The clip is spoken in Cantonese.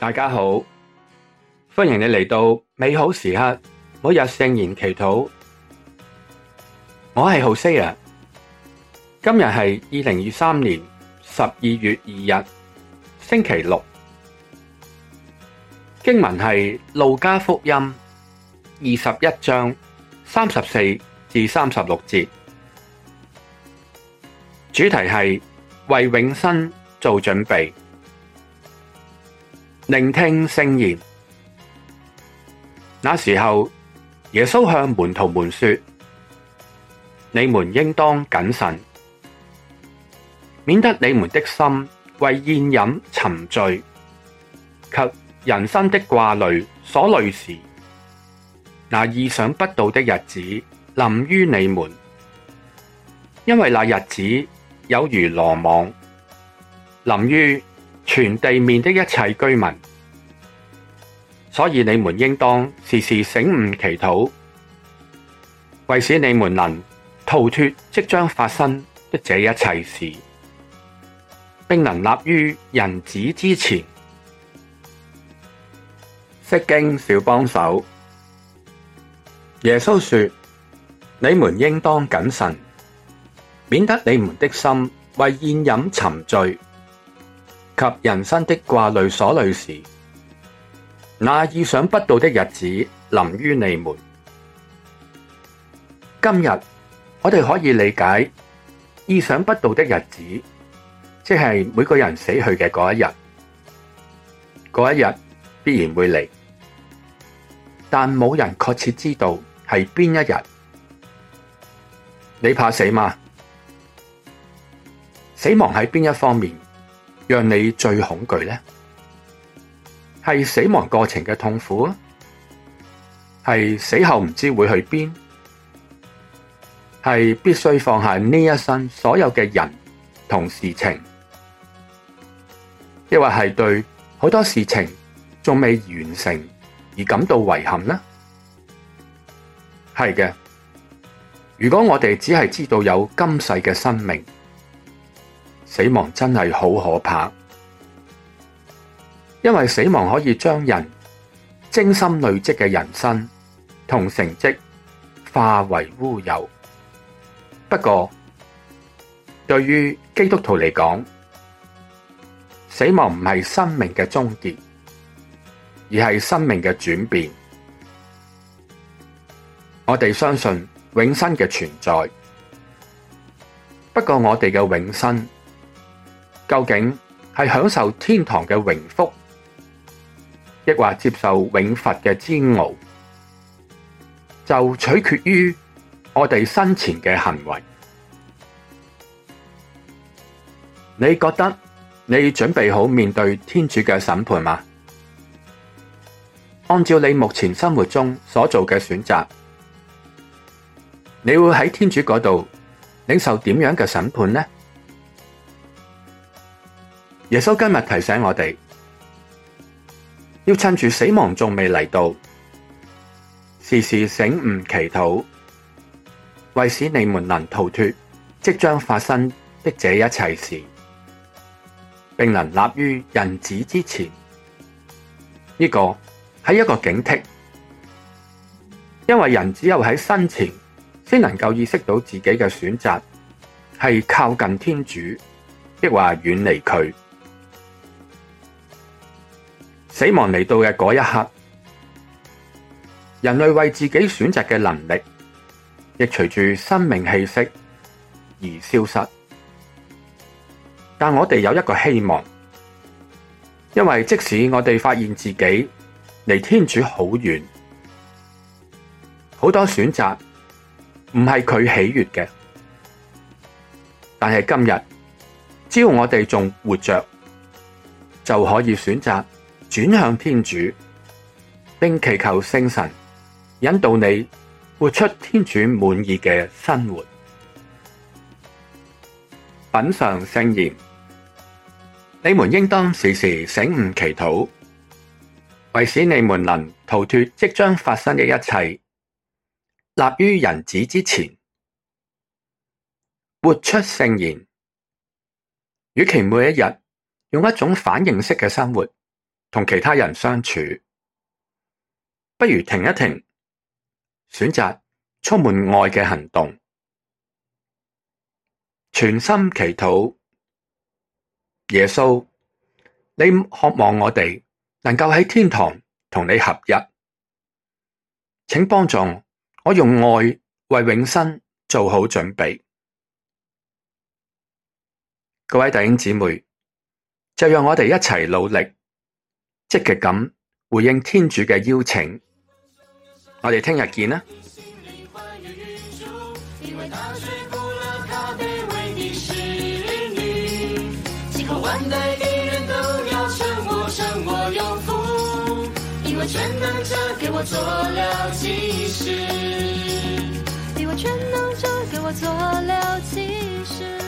大家好，歡迎你嚟到美好時刻，每日聖言祈禱。我係浩西亞，今日係二零二三年十二月二日，星期六。經文係路加福音二十一章三十四至三十六節，主題係為永生做準備。聆聽聖言。那時候，耶穌向門徒們說：你們應當謹慎，免得你們的心為宴飲沉醉及人生的掛慮所累時，那意想不到的日子臨於你們，因為那日子有如羅網臨於全地面的一切居民，所以你們應當時時醒寤祈禱，為使你們能逃脱即將發生的這一切事，並能立於人子之前。釋經小幫手，耶穌說：你們應當謹慎，免得你們的心為宴飲沉醉。及人生的掛累所累時，那意想不到的日子臨於你們。今日我哋可以理解意想不到的日子，即係每個人死去嘅嗰一日，嗰一日必然會嚟，但冇人確切知道係邊一日。你怕死嗎？死亡喺邊一方面？讓你最恐懼咧？係死亡過程嘅痛苦？係死後唔知會去邊？係必須放下呢一生所有嘅人同事情，亦或係對好多事情仲未完成而感到遺憾呢？係嘅，如果我哋只係知道有今世嘅生命，死亡真係好可怕，因為死亡可以將人精心累積嘅人生同成績化為烏有。不過，對於基督徒嚟講，死亡唔係生命嘅終結，而係生命嘅轉變。我哋相信永生嘅存在，不過我哋嘅永生。究竟係享受天堂嘅榮福，亦或接受永罰嘅煎熬，就取決於我哋生前嘅行為。你覺得你準備好面對天主嘅審判嗎？按照你目前生活中所做嘅選擇，你會喺天主嗰度領受點樣嘅審判呢？耶穌今日提醒我哋，要趁住死亡仲未嚟到，時時醒寤祈禱，為使你們能逃脫即將發生的這一切事，並能立於人子之前。呢個係一個警惕，因為人只有喺生前先能夠意識到自己嘅選擇是靠近天主，亦或遠離佢。死亡嚟到嘅嗰一刻，人類為自己選擇嘅能力亦隨住生命氣息而消失。但我哋有一個希望，因為即使我哋發現自己離天主好遠，好多選擇唔係佢喜悅嘅，但係今日只要我哋仲活着，就可以選擇。轉向天主，並祈求聖神引導你活出天主滿意嘅生活，品嘗聖言。你們應當時時醒寤祈禱，為使你們能逃脱即將發生嘅一切。立於人子之前，活出聖言。與其每一日用一種反應式嘅生活。同其他人相處，不如停一停，選擇充滿愛嘅行動，全心祈禱。耶穌，你渴望我哋能夠喺天堂同你合一，請幫助我用愛為永生做好準備。各位弟兄姊妹，就讓我哋一齊努力。積極咁回應天主嘅邀請，我哋聽日見啦。